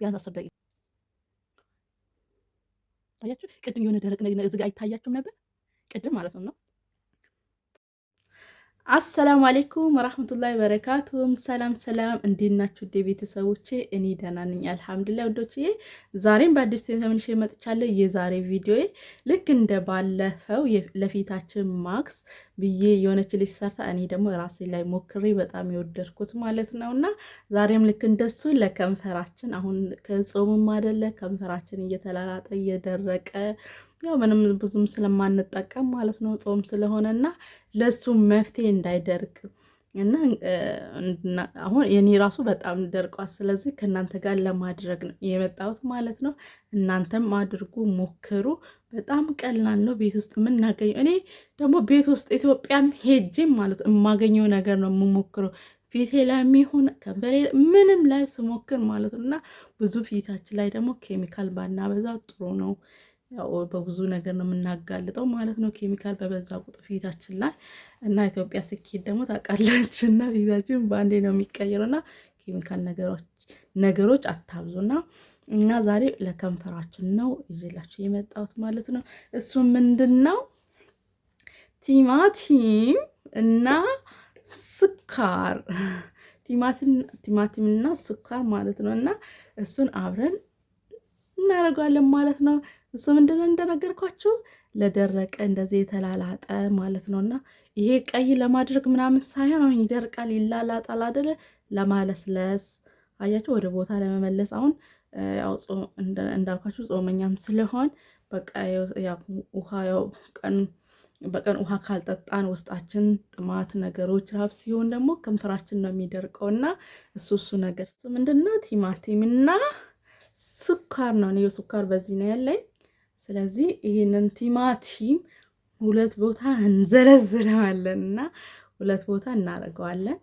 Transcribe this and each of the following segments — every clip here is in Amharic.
ቢያንስ አስር ደቂቃ ታያችሁ። ቅድም የሆነ ደረቅ ነገር እዚህ ጋር አይታያችሁም ነበር? ቅድም ማለት ነው። አሰላሙ አሌይኩም ወራህመቱላሂ በረካቱም። ሰላም ሰላም፣ እንዴት ናችሁ ውድ ቤተሰቦቼ? እኔ ደህና ነኝ አልሐምዱሊላህ። ውዶችዬ ዛሬም በአዲስ ተመልሼ መጥቻለሁ። የዛሬ ቪዲዮ ልክ እንደ ባለፈው ለፊታችን ማክስ ብዬ የሆነች ልጅ ሰርታ እኔ ደግሞ ራሴ ላይ ሞክሬ በጣም የወደድኩት ማለት ነው እና ዛሬም ልክ እንደሱ ለከንፈራችን አሁን ከጾምም አይደለ ከንፈራችን እየተላላጠ እየደረቀ ያው ምንም ብዙም ስለማንጠቀም ማለት ነው ጾም ስለሆነና ለሱ መፍትሄ እንዳይደርግ እና አሁን የኔ ራሱ በጣም ደርቋል። ስለዚህ ከእናንተ ጋር ለማድረግ ነው የመጣሁት ማለት ነው። እናንተም አድርጉ፣ ሞክሩ። በጣም ቀላል ነው። ቤት ውስጥ የምናገኘው እኔ ደግሞ ቤት ውስጥ ኢትዮጵያም ሄጄም ማለት የማገኘው ነገር ነው የምሞክረው ፊቴ ላይ የሚሆን ከንፈሬ ምንም ላይ ስሞክር ማለት ነው እና ብዙ ፊታችን ላይ ደግሞ ኬሚካል ባናበዛ ጥሩ ነው። ያው በብዙ ነገር ነው የምናጋልጠው ማለት ነው፣ ኬሚካል በበዛ ቁጥር ፊታችን ላይ እና ኢትዮጵያ ስኬት ደግሞ ታውቃላች እና ፊታችን በአንዴ ነው የሚቀይረው እና ኬሚካል ነገሮች አታብዙ እና እና ዛሬ ለከንፈራችን ነው ይዤላችሁ የመጣሁት ማለት ነው። እሱ ምንድን ነው ቲማቲም እና ስኳር ቲማቲም እና ስኳር ማለት ነው እና እሱን አብረን እናደርገዋለን ማለት ነው። እሱ ምንድን እንደነገርኳችሁ ለደረቀ እንደዚህ የተላላጠ ማለት ነው። እና ይሄ ቀይ ለማድረግ ምናምን ሳይሆን አሁን ይደርቃል ይላላጣል አደለ? ለማለስለስ አያችሁ፣ ወደ ቦታ ለመመለስ አሁን ያው እንዳልኳችሁ ጾመኛም ስለሆን በቃ ውሃ ያው ቀን በቀን ውሃ ካልጠጣን ውስጣችን ጥማት ነገሮች ረሀብ ሲሆን ደግሞ ከንፈራችን ነው የሚደርቀው። እና እሱ እሱ ነገር እሱ ምንድን ነው እና ስኳር ነው። እኔ ስኳር በዚህ ነው ያለኝ። ስለዚህ ይህንን ቲማቲም ሁለት ቦታ እንዘለዝለዋለን እና ሁለት ቦታ እናደርገዋለን።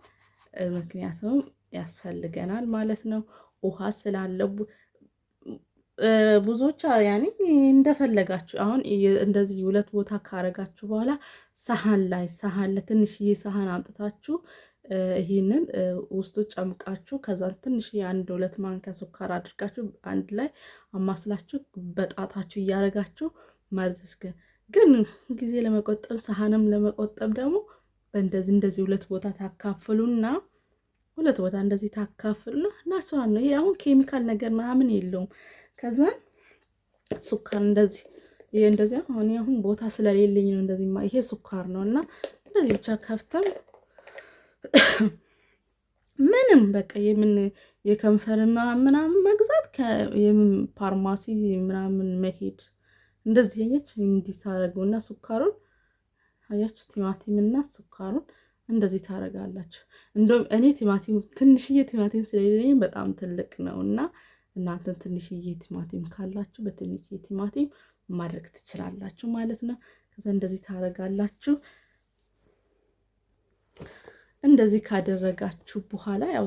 ምክንያቱም ያስፈልገናል ማለት ነው። ውሃ ስላለው ብዙዎች ያኔ እንደፈለጋችሁ አሁን እንደዚህ ሁለት ቦታ ካረጋችሁ በኋላ ሰሃን ላይ ሰሃን ለትንሽዬ ሰሃን አምጥታችሁ ይህንን ውስጡ ጨምቃችሁ ከዛን ትንሽ የአንድ ሁለት ማንኪያ ስኳር አድርጋችሁ አንድ ላይ አማስላችሁ በጣታችሁ እያደረጋችሁ ማለት ግን ጊዜ ለመቆጠብ ሳህንም ለመቆጠብ ደግሞ በእንደዚህ እንደዚህ ሁለት ቦታ ታካፍሉና ሁለት ቦታ እንደዚህ ታካፍሉና ናቸዋል ነው። ይሄ አሁን ኬሚካል ነገር ምናምን የለውም። ከዛን ስኳር እንደዚህ ይሄ እንደዚህ አሁን አሁን ቦታ ስለሌለኝ ነው እንደዚህ። ይሄ ስኳር ነው እና እንደዚህ ብቻ ከፍተም ምንም በቃ የምን የከንፈር ምናምን መግዛት የምን ፋርማሲ ምናምን መሄድ እንደዚህ አያችሁ፣ እንዲህ እና ሱካሩን አያችሁ፣ ቲማቲምና ሱካሩን እንደዚህ ታደርጋላችሁ። እንደውም እኔ ቲማቲም ትንሽዬ ቲማቲም ስለሌለኝ በጣም ትልቅ ነው እና እናንተ ትንሽዬ ቲማቲም ካላችሁ በትንሽዬ ቲማቲም ማድረግ ትችላላችሁ ማለት ነው። ከዛ እንደዚህ ታደርጋላችሁ። እንደዚህ ካደረጋችሁ በኋላ ያው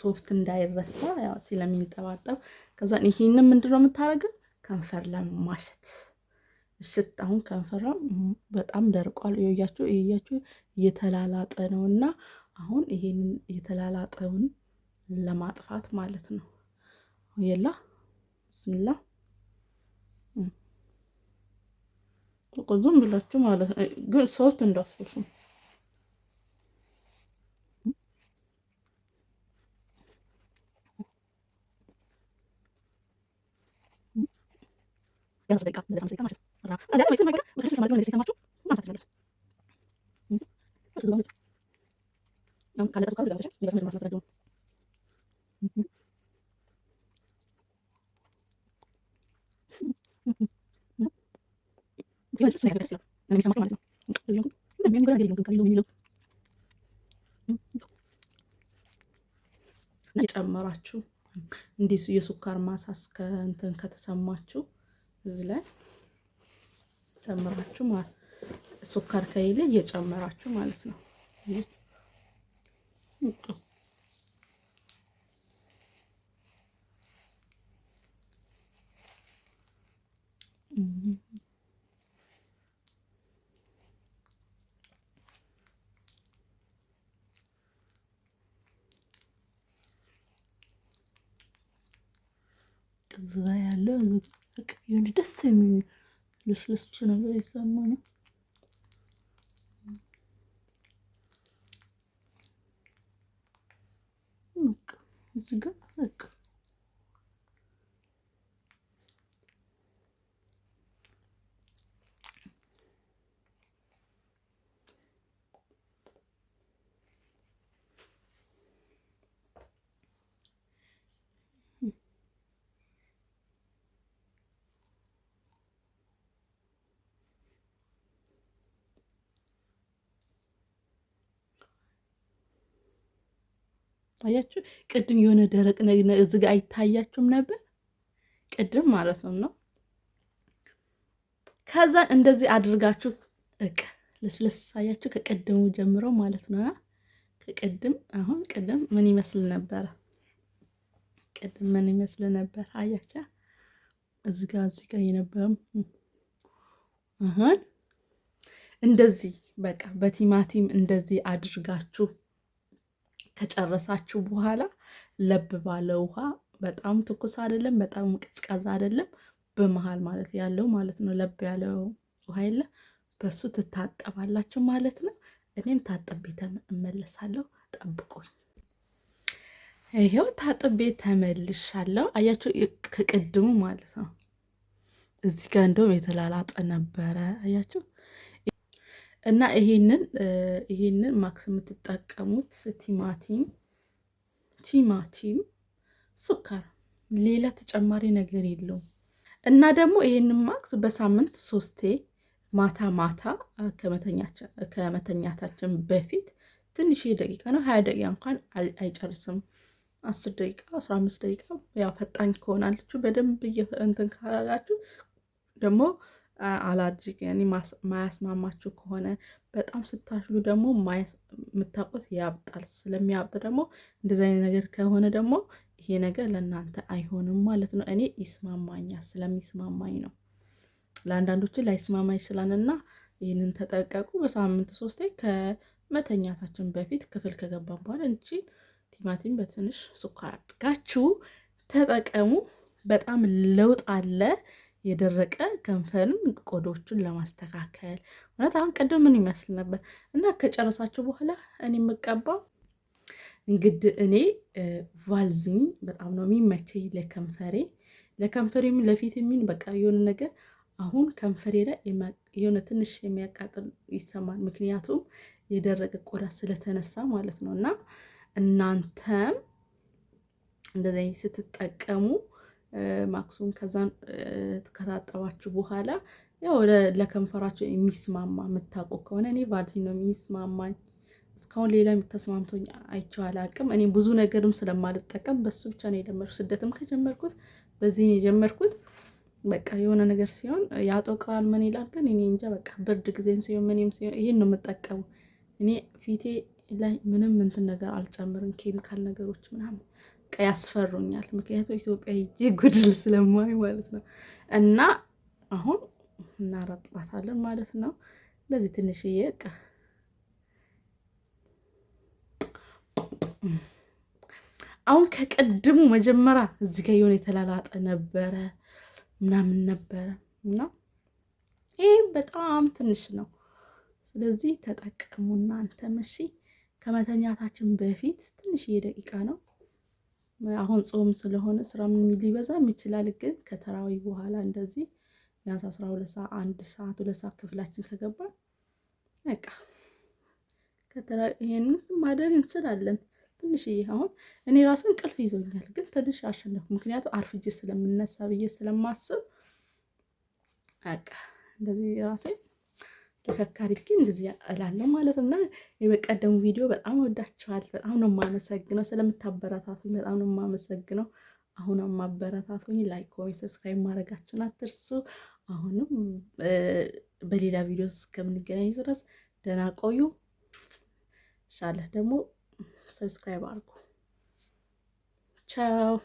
ሶፍት እንዳይረሳ ያው ስለሚንጠባጠብ፣ ከዛ ይሄንን ነው የምታደርገው? ከንፈር ለማሸት እሽት። አሁን ከንፈራ በጣም ደርቋል። እያችሁ እያችሁ እየተላላጠ ነው እና አሁን ይሄንን የተላላጠውን ለማጥፋት ማለት ነው። የላ ብስሚላ ቁዙም ብላችሁ ማለት ግን ሶፍት እንዳስሱም Yang sebaik apa? Dari sama sebaik apa? Masalah. Ada yang masih sama banget. udah Gimana sih Nanti lagi kali sukar masas kata sama cuk. እዚህ ላይ ጨምራችሁ ማለት ሱካር ከሌለ እየጨመራችሁ ማለት ነው። እዛ ያለው የሆነ ደስ የሚል ልስልስ ነገር ይሰማል። እዚህ ጋር በቃ አያችሁ፣ ቅድም የሆነ ደረቅ እዚህ ጋ አይታያችሁም ነበር? ቅድም ማለት ነው። ከዛ እንደዚህ አድርጋችሁ እቅ ልስልስ አያችሁ፣ ከቅድሙ ጀምሮ ማለት ነው። ከቅድም አሁን ቅድም ምን ይመስል ነበረ? ቅድም ምን ይመስል ነበር? አያቻ እዚህ ጋ እዚህ ጋ የነበረም አሁን እንደዚህ በቃ በቲማቲም እንደዚህ አድርጋችሁ ከጨረሳችሁ በኋላ ለብ ባለ ውሃ በጣም ትኩስ አይደለም፣ በጣም ቅዝቀዛ አይደለም፣ በመሀል ማለት ያለው ማለት ነው። ለብ ያለው ውሃ የለ በሱ ትታጠባላችሁ ማለት ነው። እኔም ታጥቤ እመለሳለሁ፣ ጠብቁኝ። ይሄው ታጥቤ ተመልሻለሁ። አያችሁ ከቅድሙ ማለት ነው። እዚህ ጋር እንደውም የተላላጠ ነበረ አያችሁ። እና ይሄንን ይሄንን ማክስ የምትጠቀሙት ቲማቲም ቲማቲም፣ ሱካር፣ ሌላ ተጨማሪ ነገር የለውም። እና ደግሞ ይሄንን ማክስ በሳምንት ሶስቴ ማታ ማታ ከመተኛታችን በፊት ትንሽ ደቂቃ ነው፣ ሀያ ደቂቃ እንኳን አይጨርስም። አስር ደቂቃ አስራ አምስት ደቂቃ ያው ፈጣን ከሆናለችሁ በደንብ እንትን ካላላችሁ ደግሞ አላርጂክ ማያስማማችሁ ከሆነ በጣም ስታሽሉ ደግሞ የምታውቁት ያብጣል። ስለሚያብጥ ደግሞ እንደዚ አይነት ነገር ከሆነ ደግሞ ይሄ ነገር ለእናንተ አይሆንም ማለት ነው። እኔ ይስማማኛል ስለሚስማማኝ ነው። ለአንዳንዶች ላይስማማ ይችላልና ይህንን ተጠቀቁ። በሳምንት ሶስቴ ከመተኛታችን በፊት ክፍል ከገባን በኋላ እንቺ ቲማቲም በትንሽ ስኳር አድርጋችሁ ተጠቀሙ። በጣም ለውጥ አለ። የደረቀ ከንፈርን ቆዳዎችን ለማስተካከል እውነት አሁን ቀደም ምን ይመስል ነበር እና ከጨረሳችሁ በኋላ እኔ የምቀባው እንግዲህ እኔ ቫልዚኒ በጣም ነው የሚመቸኝ ለከንፈሬ ለከንፈሬ ለፊት የሚን በቃ የሆነ ነገር አሁን ከንፈሬ ላይ የሆነ ትንሽ የሚያቃጥል ይሰማል። ምክንያቱም የደረቀ ቆዳ ስለተነሳ ማለት ነው እና እናንተም እንደዚህ ስትጠቀሙ ማክሱን ከዛን ከታጠባችሁ በኋላ ያው ለከንፈራቸው የሚስማማ የምታውቁ ከሆነ እኔ ቫዝሊን ነው የሚስማማኝ። እስካሁን ሌላ ተስማምቶኝ አይቼው አላውቅም። እኔ ብዙ ነገርም ስለማልጠቀም በሱ ብቻ ነው የጀመርኩት። ስደትም ከጀመርኩት በዚህ ነው የጀመርኩት። በቃ የሆነ ነገር ሲሆን ያጦቅራል ምን ይላል፣ ግን እኔ እንጃ። በቃ ብርድ ጊዜም ሲሆን ምንም ሲሆን ይሄን ነው የምጠቀሙ። እኔ ፊቴ ላይ ምንም እንትን ነገር አልጨምርም፣ ኬሚካል ነገሮች ምናምን ያስፈሩኛል። ምክንያቱም ኢትዮጵያ ሂጄ ጉድል ስለማይ ማለት ነው። እና አሁን እናረጥባታለን ማለት ነው። እንደዚህ ትንሽዬ ዕቃ አሁን ከቀድሙ መጀመሪያ እዚህ ጋ የሆነ የተላላጠ ነበረ ምናምን ነበረ እና ይህ በጣም ትንሽ ነው። ስለዚህ ተጠቀሙና አንተም እሺ ከመተኛታችን በፊት ትንሽዬ ደቂቃ ነው አሁን ጾም ስለሆነ ስራ ምን ሊበዛም ይችላል። ግን ከተራዊ በኋላ እንደዚህ ቢያንስ አስራ ሁለት ሰዓት አንድ ሰዓት ሁለት ሰዓት ክፍላችን ከገባ በቃ ከተራዊ ይሄንን ማድረግ እንችላለን። ትንሽዬ አሁን እኔ ራሱ እንቅልፍ ይዞኛል፣ ግን ትንሽ አሸነፍኩ። ምክንያቱም አርፍጄ ስለምነሳ ብዬ ስለማስብ በቃ እንደዚህ ራሴ ፈካ አድርጌ እንደዚህ እላለሁ ማለት እና የመቀደሙ ቪዲዮ በጣም ወዳቸዋል በጣም ነው የማመሰግነው ስለምታበረታቱኝ፣ በጣም ነው የማመሰግነው። አሁንም ማበረታቱኝ፣ ላይክ፣ ኮሜንት፣ ሰብስክራይብ ማድረጋችሁን አትርሱ። አሁንም በሌላ ቪዲዮ እስከምንገናኝ ድረስ ደህና ቆዩ። ሻለህ ደግሞ ሰብስክራይብ አድርጉ። ቻው